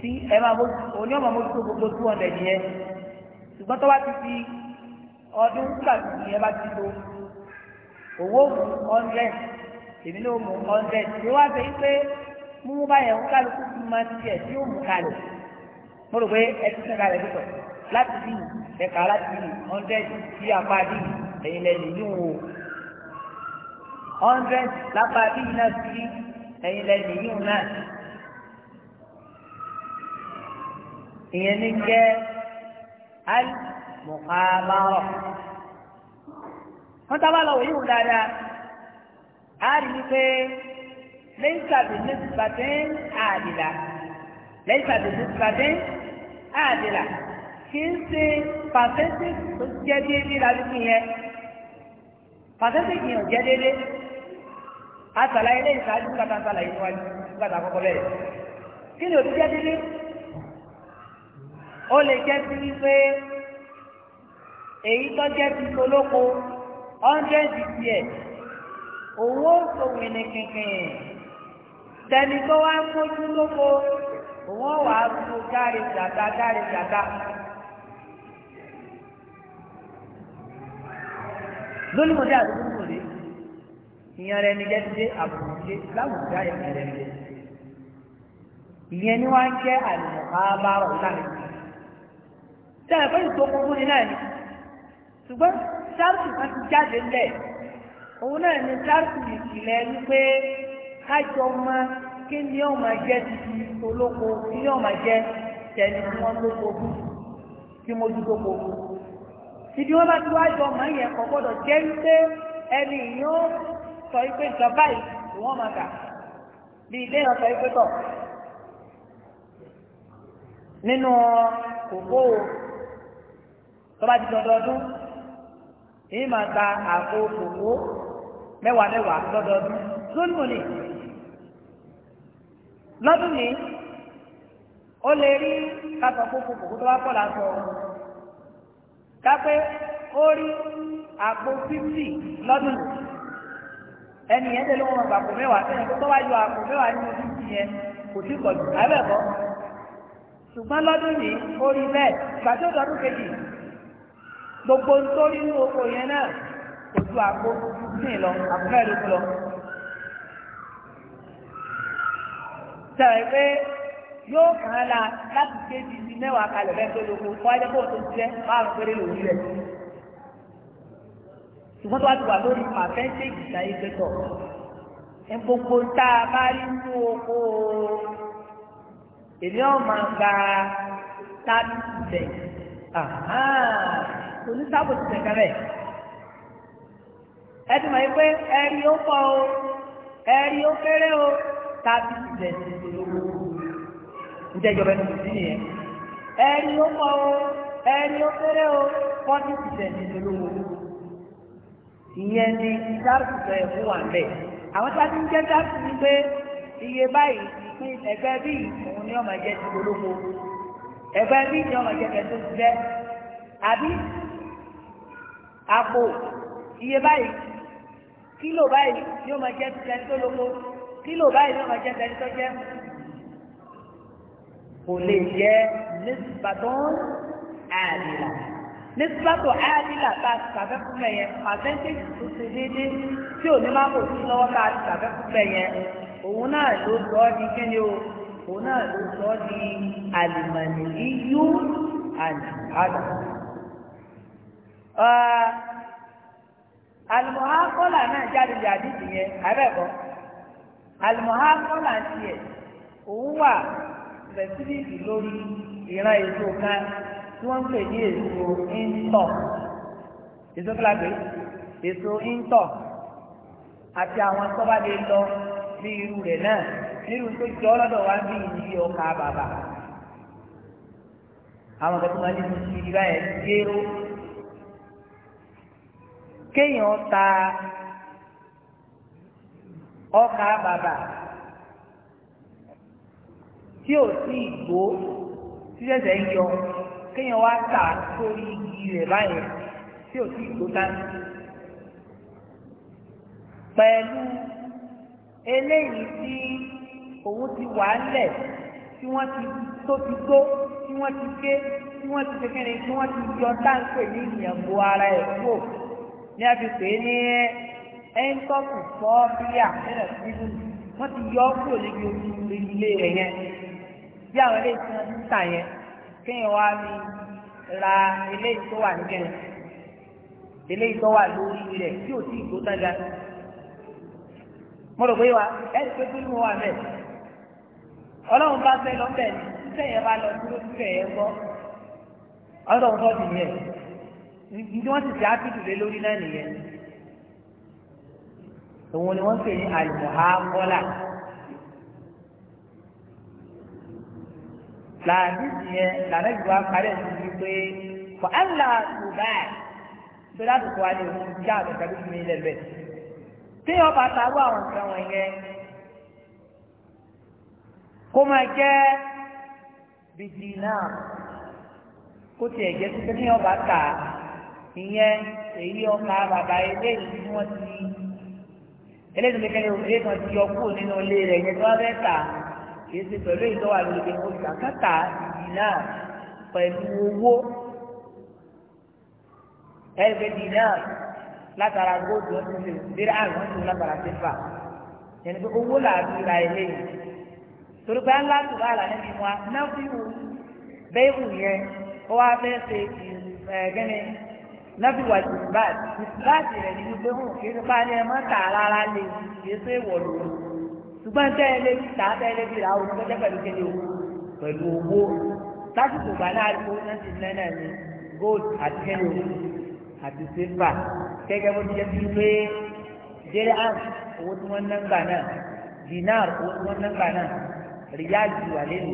Speaker 2: tí ẹ máa mú òní ọmọ mú tó gbogbo two hundred yẹn ṣùgbọ́n tó bá ti fi ọdún kàtó yẹn bá ti tó owó mú hundred èmi ní o mú hundred tí wọ́n á fẹ́ pé mú báyẹn ń kálukú fún ma tiẹ̀ tí ó mú kalẹ̀ mo rò pé ẹ ti sẹ́ka rẹ̀ dùkọ̀ láti bí ẹ̀ka láti bí ọ̀ndẹ́ẹ̀dì sí apá bí ẹ̀yìn lẹ́yìn yìí wò ọ̀ndẹ́ẹ̀dì lápá bí náà sí ẹ̀yìn lẹ́yìn yìí wò náà ìyẹn ní jẹ́ al-mukhabara wọ́n tábà lọ wòye wò dáadáa á rí pé lẹ́yìn tàbí ní tìpàtẹ́ àdìlà lẹ́yìn tàbí ní tìpàtẹ́ àdìlà àdìlà kì í ṣe percentage tó jẹ́ déédéé la fi yẹn percentage yẹn ò jẹ́ déédéé àtàlàyé lẹ́yìn sáájú kàtà àtàlàyé níwájú kàtà àkọ́kọ́ bẹ̀rẹ̀ kí ni òbí jẹ́ déédéé ó lè jẹ́ sí wípé èyí tó jẹ́ ti olóko hundred tiẹ̀ owó sòwìn ní kìnkìn tẹ̀mí tó wá mójú lóko wọ́n wà á tú káre jàdá káre jàdá. lónìí mo dé àdúgbò mi ò dé ìyẹn rẹ ni jẹ́ ti dé àbùkù dé láwùjọ ayọ̀ rẹ ni jẹ́ ìyẹn ni wọ́n á jẹ́ àlùmọ̀kábàrọ̀ láàrin tí a fẹ́ ìtò gbogbo ni náà ni ṣùgbọ́n sáàtù kan ti jáde lẹ̀ òun náà ni sáàtù ìkìlẹ̀ wípé kájọ máa kí ni ó máa jẹ́ ti olóko kí ni ó máa jẹ́ tẹni tí wọ́n lóko fún kí mo dúró kó fún. Ibi wọn bá ti wá jọ mọ̀ yẹn kò gbọ́dọ̀ jẹ́ wípé ẹni yóò sọ pé nǹkan báyìí ni máa kà bí ilé yẹn sọ pé tọ̀ nínú kòkó tọ́ba ti dọ̀dọ̀ọdún èyí máa ta àpò kòkó mẹ́wàá mẹ́wàá dọ̀dọ̀ọdún lónìí lọ́dún yìí ó lè rí kásọ̀ kókó kókó tó bá pọ̀ lásọ̀ kápẹ́ ó rí àpò fífì lọ́dún yìí ẹni yẹn tẹ́lẹ̀ wọn àpò mẹ́wàá sẹ́yìn tó bá yọ àpò mẹ́wàá nínú fífì yẹn kò sí pọ̀jù abẹ́ẹ̀kọ́ ṣùgbọ́n lọ́dún yìí ó rí bẹ́ẹ̀ gbàtí ó dọdún kejì gbogbo nítorí inú oko yẹn náà kò ju àpò fífì lọ àpò mẹ́rin lọ. sẹ́wọ̀n pé yóò kàn án la láti ké di ibi mẹ́wàá kalẹ̀ bẹ́ẹ̀ tó lóko kó ajẹ́ kó o tó jẹ́ márùn péré lòún rẹ̀. ṣùgbọ́n tó wá ti wà lórí pàfẹ́ńtéèjì láyé pẹ́tọ̀ ẹ gbogbo tá a bá rí nínú oko èmi ọ̀ máa gba tábì bẹ̀ onísàbò ti tẹ̀ka bẹ̀. ẹ ti mọ̀ yí pé ẹ̀rí ó pọ̀ o ẹ̀rí ó kéré o tábì bẹ̀ ti ìjẹ́ ìjọba ẹnu bìtì nìyẹn ẹni ó mọ o ẹni ó kéré o forty percent ìdolówó ìyẹn ni sáàpù tó yẹ fún wa ń bẹ̀ àwọn tá a ti ń jẹ́ sáàpù ni pé iye báyìí ìpín ẹgbẹ́ bíi òun ni ọmọ jẹ́ ti ìdolówó ẹgbẹ́ bíi ni ọmọ jẹ́ kẹ́tọ́ ti jẹ́ àbí àpò iye báyìí kílò báyìí ni ó máa jẹ́ tẹni tó lóko kílò báyìí ni ó máa jẹ́ tẹni tó jẹ́ kò lè jẹ́ nísìbàtàn àdìlà nísìbàtàn àdìlà tá a ti tàbẹ́ fún mẹ́ yẹn pàṣẹ́ntéèjì tó ṣe déédé tí ò ní má kò sí lọ́wọ́ tá a ti tàbẹ́ fún mẹ́ yẹn òun náà ló sọ ọ́ di kíni o òun náà ló sọ ọ́ di àlìmọ̀nì iyú àdìbàdà. àlùmọ̀hákọ́là náà jáde jáde yẹn abẹ́kọ̀ọ́ àlùmọ̀hákọ́là tiẹ̀ òun wà pẹ̀sífìkì lórí ìran èso ká tí wọ́n ń pè ní èso íńtọ̀ èso kíláàgbé èso íńtọ̀ àti àwọn tó bá lè lọ ní irú rẹ̀ náà nínú tó jọ lọ́dọ̀ wá bí ìdí ọkà bàbà àwọn kan tó máa ní ti ìdí báyẹn jéró kéèyàn ta ọkà bàbà tí ò sí ìgbó tí ṣẹ̀ṣẹ̀ ń yọ kéèyàn wá tà sórí igi rẹ̀ báyẹn tí ò sí ìgbó dání. pẹ̀lú eléyìí tí òun ti wà lẹ̀ tí wọ́n ti tó ti gbó tí wọ́n ti gé tí wọ́n ti kékeré tí wọ́n ti yọ táǹpẹ̀ ní ìyànbó ara ẹ̀ kúrò ní a fi pè é ní ẹ́ńkọ́kù fọ́ bílíà nílẹ̀ síbú wọ́n ti yọ kúrò níbi ojú ilé rẹ̀ yẹn bí àwọn eléyìí tí wọ́n ń tà yẹn kéèyàn wá mi ra eléyìí tó wà níbẹ̀ eléyìí tó wà lórí rẹ̀ tí ò tí ì tó dáadáa mo rò pé wa ẹni pé kí ló wà bẹ́ẹ̀ ọlọ́run bá fẹ́ lọ bẹ́ẹ̀ ni sísẹ́ yẹn bá lọ dúró síbẹ̀ yẹn gbọ́ ọlọ́run tó dì yẹn ní wọ́n sì ti ápìtù lé lórí náà nìyẹn òun ni wọ́n pè ní àlùmọ́ àkọ́là. làdìsí yẹn lànà ìgbà kárẹ̀ ti di pé fọ àlà tùbà tó láti kọ́ àlè òun já àgbẹ̀ká tó fi nílẹ̀ bẹ̀. tí wọ́n bá ta wá àwọn nǹkan wọ̀nyẹn kó máa jẹ́ bìtì náà kó tiẹ̀ jẹ́ pípẹ́ tí wọ́n bá ta ìyẹn èyí ọkà bàbá eléyìí tí wọ́n ti eléyìí tó lè kẹ́lẹ́ òun eléyìí kan ti yọ kúrò nínú ilé rẹ̀ yẹn tó wá fẹ́ ta kìí ṣe pẹ̀lú ìtọ́wà lóde mo ṣàkátà ìdìnnà pẹ̀lú owó ẹ̀ẹ́dẹ̀ dìnnà látara góòdù wọn tún lè dèrè àrùn wọn tún látara sífà ẹni pé owó làbí ra eléyìí torí pé ńlá tó bá là níbi wọn náà fi wù bẹ́ẹ̀ wù yẹn ó wá fẹ́ ṣe ẹ̀ẹ́dẹ́ni náà fi wà sí ìbáàdì ìbáàdì rẹ̀ ní wípé wọn kì í ṣe bá ní ẹ mọ́ta rárá lè kì í ṣe ìwọ̀lú ṣùgbọ́n tẹ́ ẹ lé tà á tẹ́ ẹ lé bí ra òun tọ́jọ́ pẹ̀lú kéde o pẹ̀lú owó lásìkò gbà láàrin owó náà ti náà náà ní gold àti kéde o àti silver gẹ́gẹ́ bó ti jẹ́ bí pé jẹ́rẹ́ àn owó tí wọ́n ná ń gbà náà dinar owó tí wọ́n ná ń gbà náà riyal ti wà lẹ́nu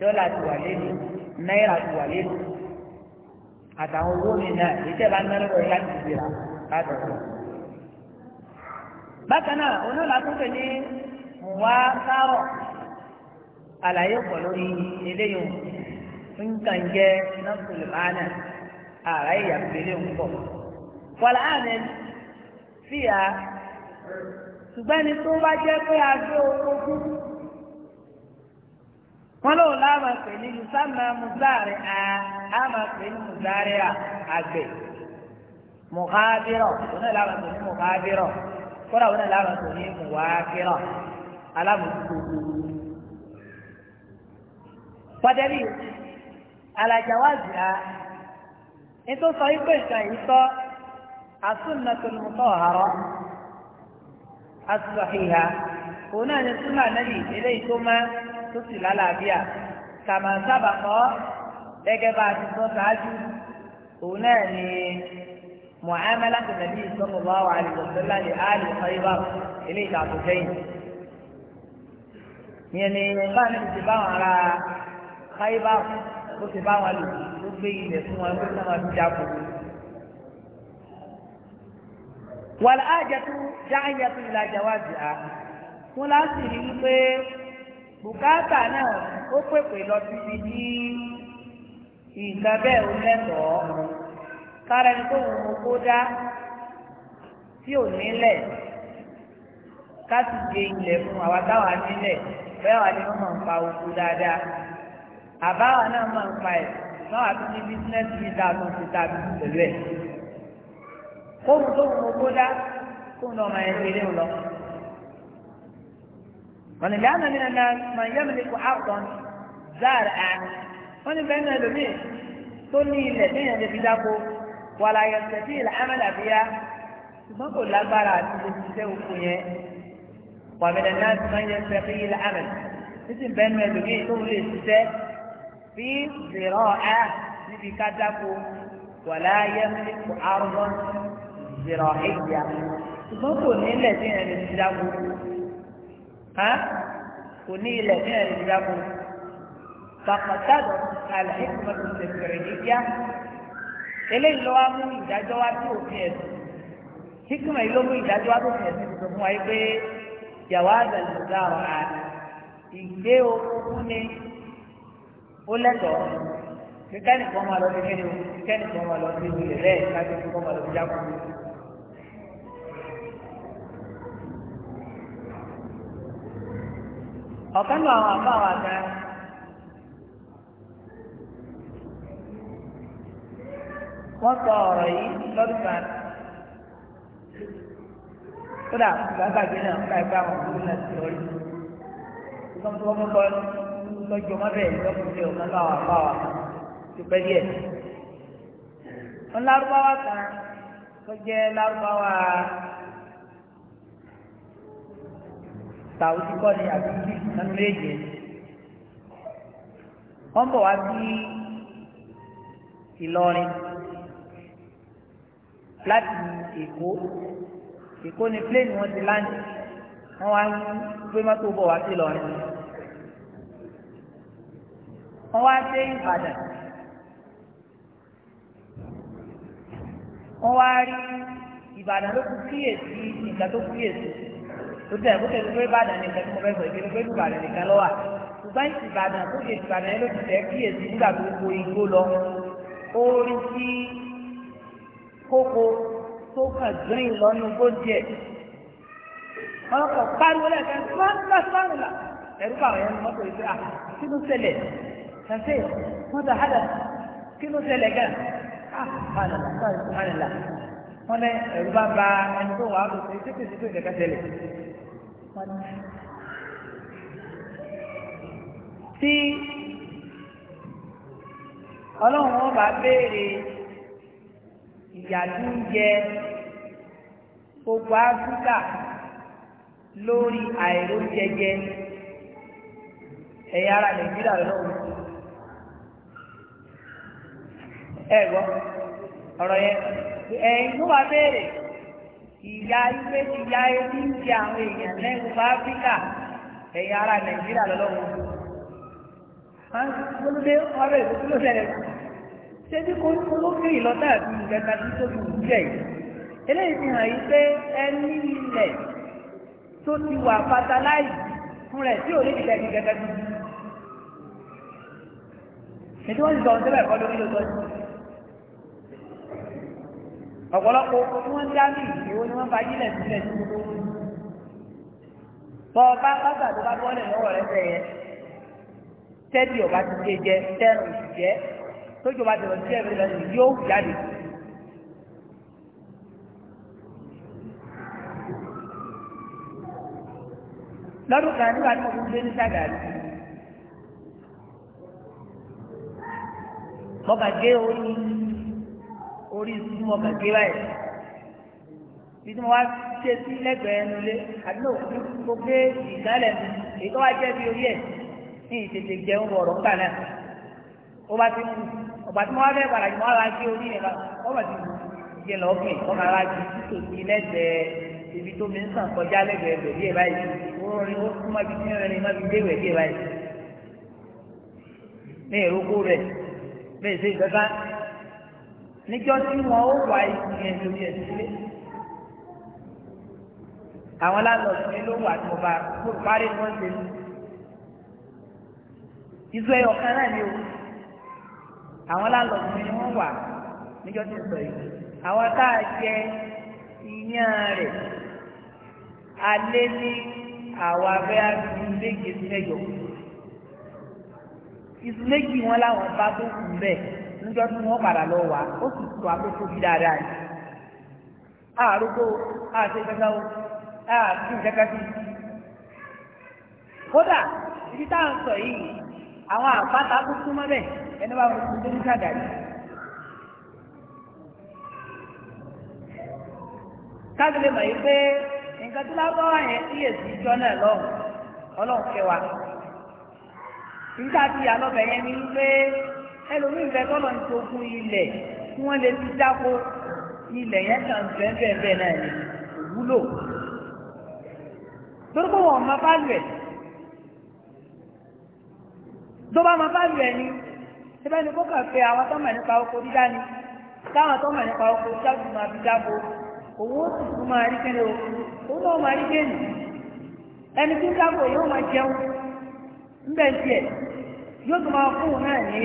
Speaker 2: dọ́là ti wà lẹ́nu náírà ti wà lẹ́nu àtàwọn owó mi náà èyí tẹ́ bá ń ná lọ́wọ́ láti fi ra láti
Speaker 1: bákan náà onílà tó fẹ́
Speaker 2: ní wá sárọ̀ àlàyé pọ̀ lórí eléyìí nǹkan jẹ́ nọ́ọ̀sùlùmánà ààrẹ ìyàgbé eléyìí pọ̀. wàlá àmì fìyà ṣùgbọ́n ẹni tó bá jẹ́ pé a gbé ogún wọn lóun láàmà pè ní musamma muzari a àmà pè ní muzari a àgbẹ̀ mùkábírọ̀ wọn náà láàmà pè ní mùkábírọ̀ kódà wọn náà láàmà pè ní mùwákírọ̀ alámòjútó owó. pàdébí alàjáwáàzì a ètò sọ wípé nǹkan yìí sọ as-sunnatul mutahhara as-sahiha òun náà ni súnà nẹ́bì eléyìí tó máa tó sì lálàáfíà kàmá sábà kọ́ gẹ́gẹ́ bá a ti sọ ṣáájú òun náà ni mu'amalatu nàbí sallallahu alaihi wa sallam li ahli Khaybar eléyìí tààtò sẹ́yìn ìyẹn ni báwọn ẹni ti báwọn ará káyébá tó ti báwọn lò tó gbé ilẹ̀ fún wọn tó náà ti jáko. wàlẹ́ àjẹtú jáàyẹtú ìlàjà wá sí a wọn láti rí i pé bùkátà náà ó pèpè lọ síbi ní nǹkan bẹ́ẹ̀ ó lẹ́tọ̀ọ́ kára ẹni tó wù kó dá tí ò nílẹ̀ ká sì gbé ilẹ̀ fún àwa táwa nílẹ̀ bẹ́ẹ̀ wà ní wọ́n máa ń pa oko dáadáa àbáwà náà máa ń pa ẹ̀ náà wà tún ní bísínẹ́sì yìí dáa tó ń ti tàbí pẹ̀lú ẹ̀ kóhun tó ń oko dá kóhun náà máa ń ṣeré lọ. wọ́n ní lẹ́yìn àmì nàá máa yẹ́ mi ní kó àrùtọ́n záàrì á wọ́n ní bẹ́ẹ̀ náà lómi tó ní ilẹ̀ téèyàn lè fi dáko wàlàyé ṣẹ̀tì ìlà ومن الناس من يستقي العمل اسم بين ما يدقيه طول في زراعة في كتف ولا يملك أرضا زراعية تقول إلا دين الإسلام ها قل إلا دين الإسلام فقد الحكمة التفريدية إلي اللواء من إجاجوات وفيد حكمة إلو من إجاجوات وفيد jawab al-musara'a ìgbé okun ní ó lẹ́tọ̀ọ́ kíkẹ́ni kan máa lọ sí kíni o kíkẹ́ni kan máa lọ sí ìwé rẹ̀ kájú kan máa lọ sí jákòó. ọ̀kan lọ àwọn àbá wa gan
Speaker 1: wọ́n sọ ọ̀rọ̀ yìí lọ́dún kan
Speaker 2: kódà gbàgbàgbé náà ká ẹgbẹ́ àwọn òkú náà ti lọ rí ṣùgbọ́n tí wọ́n mú kọ́ lọ́jọ́ ọmọ bẹ́ẹ̀ lọ́kùnrin ọ̀gá báwa báwa ti pẹ́ díẹ̀. wọn lárúbáwá kan tó jẹ́ lárúbáwá tàwọn kíkọ́ ni àbí nínú méje wọ́n bọ̀ wá sí Ìlọrin láti Èkó èkó ni plane wọn ti láǹdì wọn wá gbé mọ́tò bọ̀ wá sí lọ́rin wọn wá dé ìbàdàn wọn wá rí ìbàdàn ló kú kíyèsí nǹkan tó kíyèsí tó tẹ̀ kó tẹ̀lé pé ìbàdàn nìkan tó mọ fẹ́ sọ ìdílé pé ìbàdàn nìkan lọ́wọ́ ṣùgbọ́n ìbàdàn tó kíyèsí ìbàdàn yẹn ló ti tẹ̀ kíyèsí nígbà tó gbó igbó lọ ó rí sí kókó tó kàn green lọ́nu bó díẹ̀ wọn kọ pariwo lẹ́ẹ̀kan fúnra fúnra la ẹ̀rú báwọn yẹn mọ́tò yìí sá kí ló ṣẹlẹ̀ ṣàṣẹ mọ́tò hàdà kí ló ṣẹlẹ̀ gan ah hàdà sọ́ọ̀rì hàdà la wọn lẹ ẹ̀rú bá ba ẹni tó wà á lò sí títí títí ìdẹ́ka ṣẹlẹ̀ tí ọlọ́run wọn bá béèrè ìyà tó ń jẹ gbogbo áfíríkà lórí àìróúnjẹjẹ ẹ̀yà ara nàìjíríà lọ́wọ́ ẹ gbọ́ ọ̀rọ̀ yẹn ẹ̀yin tó wá béèrè ìyá ilé ti ya ẹbí ń jẹ àwọn èèyàn lẹ́nu áfíríkà ẹ̀yà ara nàìjíríà lọ́wọ́ wọn ló dé wọn bẹ̀rẹ̀ tó ló ṣẹlẹ̀ sí ṣé bí kò ló fi ìlọ́tà àti ìgbẹ́ta tí tó fi wù jẹ́ yìí eléyìí fi hàn yí pé ẹni ilẹ̀ tó ti wà fataláì fún rẹ̀ tí ò ní ìgbẹ́ ti gẹ́gẹ́ bí. ètò wọn ti sọ ọdún ẹ̀kọ́ lórí lọ́tọ́ yìí ọ̀pọ̀lọpọ̀ oko tí wọ́n dá ní ìwò ni wọ́n fagí lẹ̀ sílẹ̀ sí gbogbo bọ́ ọba pásá tó bá bọ́ọ̀lẹ̀ lọ́wọ́ rẹ̀ bẹ̀yẹ tẹ́bí ọba ti ṣe jẹ tẹ́rù ìṣìjẹ́ tójú bá tẹ̀lé sí ẹ̀mí lẹ́nu yóò jáde. lọ́dún kan nígbà tí mo gbé ní Ṣàgárí mo kà gé orí orí ìsú mo kà gé báyìí bí mo wá ṣe sí lẹ́gbẹ̀ẹ́ ẹnu lé àdúgbò mo gbé ìgbálẹ̀ mi èyí tó wá jẹ́ bí orí ẹ̀ ní ìtètè jẹun bọ̀rọ̀ ńgbà náà ó bá ti mú un ọ̀pá tí wọ́n fẹ́ padà jù wọ́n ara jí orí rẹ̀ lọ́wọ́ ti yẹ lọ́ọ̀kì wọ́n ara jí títòsí lẹ́sẹ̀ẹ́ ibi tó mi ń sàn kọjá lẹ́gbẹ̀ẹ́ ẹgbẹ̀ díẹ̀ báyìí wọ́n rí ó kú mọ́bi tí wọ́n rí mọ́bi déwẹ̀ díẹ̀ báyìí. ní ìrókò rẹ̀ bẹ́ẹ̀ ṣe ìjọba níjọ́ tí wọ́n ó wà ìyẹn lórí ẹ̀ sílé. àwọn lálọ́ọ̀sì mi ni àwọn láńlọ́ọ̀dù mi ni wọ́n wà níjọ́ tí ń sọ yìí àwọn tá a jẹ iyán rẹ̀ alẹ́ ní àwọn abẹ́ méje sí mẹ́jọ ìsú méjì wọn láwọn bá tó kù bẹ́ẹ̀ níjọ́ tí wọ́n padà lọ wá ó sì tó àkókò bí dáadáa yìí àrùkò àti ìgbẹ́sẹ̀ o àti ìjẹ́kẹ́ sí kódà ibi táwọn sọ yìí àwọn àpáta tó kú bẹ́ẹ̀ ẹni wà wọn kò dé sàgàrí. káàkiri mọ̀ yìí pé nǹkan tó lábọ́ yẹn iye sí ìjọ náà lọ́hùn ọlọ́run fẹ́ wa. nígbà tí alọ́bẹ̀ yẹn ní pé ẹlòmíì fẹ́ tọ́lọ̀ ní ogun ilẹ̀ kí wọ́n lè fi dáko ilẹ̀ yẹn kàn bẹ́ẹ̀ bẹ́ẹ̀ náà ni òwúlò. torí pé wọn ò máa bá lù ẹ̀ tó bá máa bá ẹ̀ ni. síbẹ̀ ni kókàn fẹ́ àwọn tó nípa oko dídá ni táwọn tó nípa oko jágùn máa fi jábo òun ma sì tún máa rí o òun náà máa rí kéènì ẹni tí ń jábo yóò máa jẹun ńbẹ̀ tiẹ̀ yóò tún máa fún un náà ní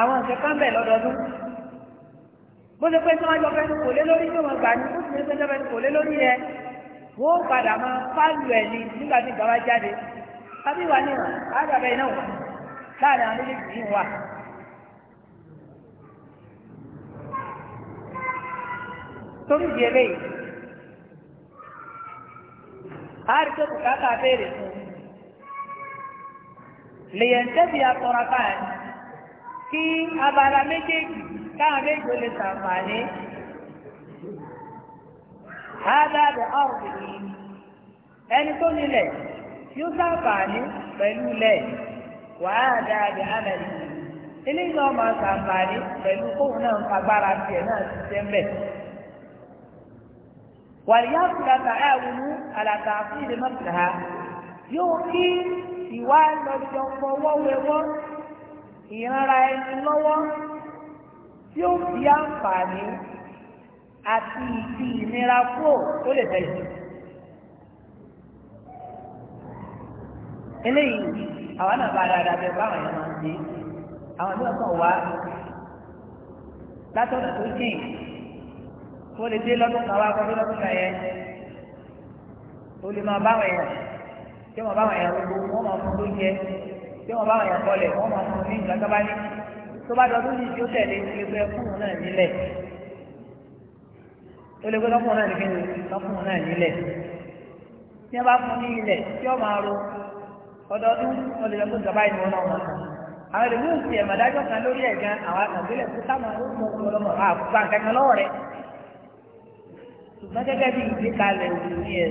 Speaker 2: àwọn nǹkan kan bẹ̀ lọ́dọọdún bó ṣe pé tí wọ́n jọ fẹ́ kò lé lórí tí wọ́n gbà ní láàrin àwọn méjèèjì yìí wà. torí ìdí eléyìí àárí tó kù káàkà béèrè fún lèyẹn tẹ́bi àtọ̀rọ̀ báyìí kí abala méjèèjì káwọn méjì lè sàǹfààní. هذا بأرضه ẹni tó nílẹ̀ yóò sàǹfààní pẹ̀lú lẹ́yìn wàhálà àbí amẹ́lì eléyìí náà máa ṣàǹfààní pẹ̀lú kóun náà ń fagbára tiẹ̀ náà ti jẹ́ mbẹ́. wàlíyá fúlàtà ẹ̀wùnú àlàtà fún ìdè mọ́tìlá yóò kí ìwà lọ́jọ́ fọwọ́ wẹwọ́ ìranra ẹni lọ́wọ́ tí ó fi àǹfààní àti ìfi ìnira kúrò ó lè tẹ̀lé. eléyìí àwọn náà bá dáadáa bẹ́ẹ̀ báwọn yẹn máa ń ṣe àwọn ìlú ọkàn wá látọ̀nà tó jìn kó lè dé lọ́dún kan wá kọ́dún lọ́dún kan yẹn ó lè máa báwọn yẹn tí wọ́n báwọn yẹn gbogbo wọ́n máa fún lóúnjẹ tí wọ́n báwọn yẹn kọlẹ̀ wọ́n máa fún ní ìgbàgbá ní tó bá dọ̀dún yìí tí ó tẹ̀lé ìgbẹ́ fún un náà nílẹ̀ ó lè gbé lọ́kùnrin náà nílẹ̀ tí wọ́n bá fún ní ilẹ̀ tí wọ́n máa ro ọdọọdún wọn lè yọ kó ìjọba ìlú náà wọn. àwọn ìlú ń fi ẹ̀mọ̀dájọ́ kan lórí ẹ̀ gan àwọn àtàgbélẹ̀ tó sáwọn ọlọ́mọ àbúgbà kankan lọ́wọ́ rẹ̀. ṣùgbọ́n gẹ́gẹ́ bí ìgbékalẹ̀ òní ẹ̀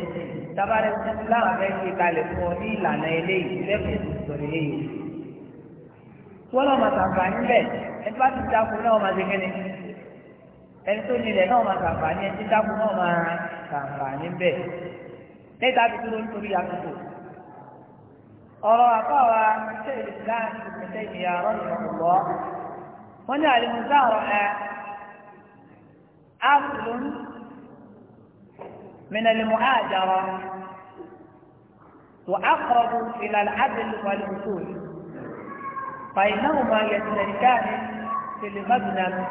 Speaker 2: tábàrẹ̀ láwọn fẹ́ ṣe kalẹ̀ fún ọ ní ìlànà eléyìí lẹ́kùn ẹni tó nílẹ̀ náà máa ṣàǹfààní ẹni tí dákú náà máa ṣàǹfààní bẹ́ẹ̀. lẹ́tà tuntun ló ń torí àtúntò وراقبها شيخ الاسلام ابن تيميه رحمه الله هنا المزارع اصل من المهاجره واقرب الى العدل والوصول بينهما يشتركان في المبنى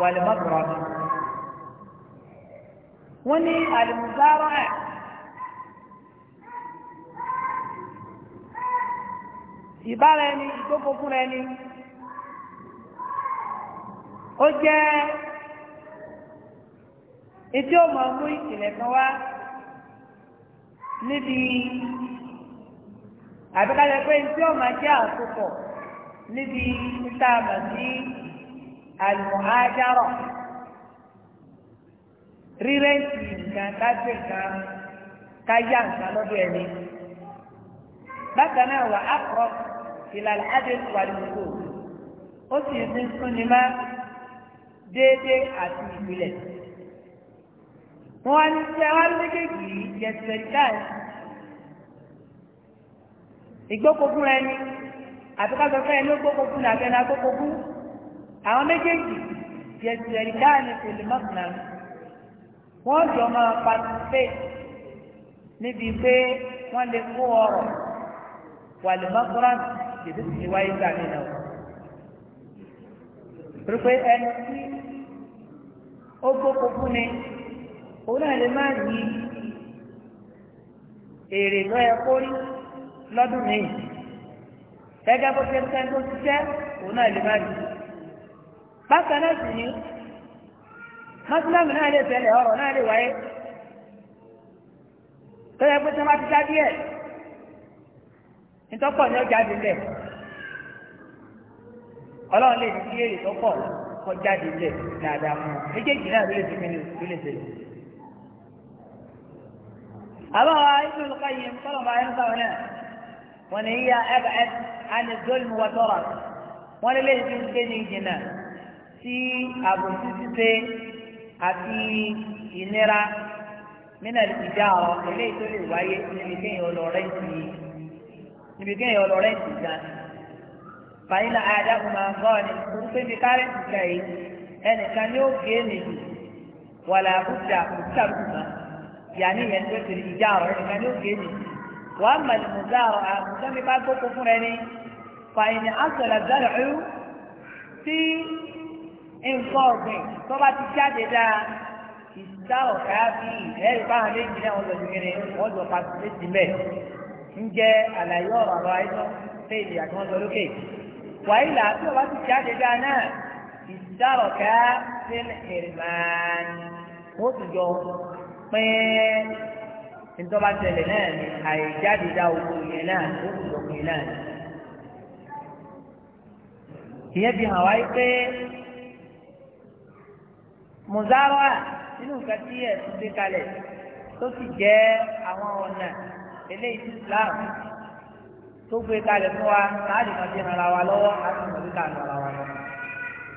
Speaker 2: والمبرم وني المزارع ìbára ẹni ìgbókò fúnra ẹni ó jẹ́ etí ó mọ̀ mú ìkìlẹ̀ kan wá níbi àbíkájọ pé etí ó mọ̀ jẹ́ àkókò níbi tá a mọ̀ sí àlùmọ́ájárọ̀ rírẹ́ǹtì nǹkan kájọ nǹkan káyà nǹkan wà á ìlànà àdéhùn ìwádìí ó sì ń súnni má déédéé àti ìpìlẹ̀ wọ́n wá ní tí àwọn méjèèjì yẹ̀sẹ̀ dáì ìgbókogún ẹni àti káfẹ́fẹ́ ẹni ó gbókogún àti ẹni agbókogún àwọn méjèèjì yẹ̀sẹ̀ dáì ní pèlè mọ́kànlá wọ́n jọ máa participate níbi pé wọ́n lè kó ọrọ̀ wàlúmọ́kúrọ́sì. tètè sì ti wáyé gbà mí náà na pé ẹni tí ó gbóko fún ni òun náà lè má yí èrè lọ ẹ kó rí lọ́dún mi gẹ́gẹ́ bó ti ṣe tó ṣiṣẹ́ òun náà lè má yí bákan náà sì ni mọ́sílámù náà lè tẹ̀lé ọ̀rọ̀ náà lè wáyé tó yẹ pé tí wọ́n ti dá díẹ̀. nítọ́pọ̀ ni ó jáde lẹ̀ ọlọ́run lè ní kí tọ́pọ̀ kọ́ jáde dáadáa fún méjèèjì náà ló lè fi mílíọ̀nù ló lè ṣe. àbáwá ibùdó olùkọ́ yìí ń tọ́lọ̀ bá yẹn sáwọn náà wọ́n ní yíya ẹ̀ka ẹ̀ àni zolmi wà tọ́ra wọ́n lè fi ń gbé ní ìjìnà sí àbòsí ṣíṣe àti ìnira mínà ìjà ọ̀rọ̀ eléyìí tó lè wáyé yìí. níbi kéèyàn lọ rẹ́ǹtì gan fàyínà àdàkùn máa ń gbọ́ ni kúrú pé bí kárẹ́ǹtì kan yìí ẹnìkan ni ó gé nìyí wàlà àbújá àbújá àbújá yàní yẹn tó ti ìjà ọ̀rọ̀ ẹnìkan ni ó gé nìyí wàá màlẹ̀ mùsà ọ̀rọ̀ àbújá mi bá gbókò fún rẹ ní fàyínà àtọ̀lẹ̀ zẹ́rẹ̀ ẹ̀rú nǹkan ọ̀gbìn tó bá ti jáde dáa ìsá ọ̀ká bíi ẹ̀rí báwọn méjì náà wọ́n lọ ń jẹ́ àlàyé ọ̀rọ̀ àrọ̀ àìsàn pé ìlú àti wọn sọ lókè. wàhálà tí o bá ti jáde dáa náà ìdárọ̀ ká sí ìrìnàn ó ti jọ pín ìjọba tẹ̀lé náà ni àìjáde dá oko yẹn náà ó ti jọ pín náà. ìyẹn fi hàn wáyé pé mùsàlùwà nínú nǹkan tí ẹ̀sùn gbé kalẹ̀ tó sì jẹ́ àwọn ọ̀nà eléyìí tí Islam tó gbé kalẹ̀ fún wa láàyè máa fi ara wa lọ́wọ́ láti mọ̀ ní káàdì ara wa lọ.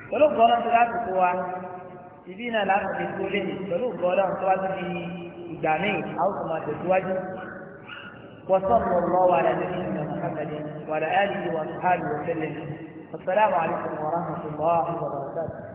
Speaker 2: pẹ̀lú gbọ́dọ̀ tó láti kó wa ìbí náà láti fi kó lé mi pẹ̀lú gbọ́dọ̀ tó wá sí ìgbà míì àwọn tó máa tẹ̀síwájú. وصلى الله على نبينا محمد وعلى اله وصحبه وسلم والسلام عليكم ورحمه الله وبركاته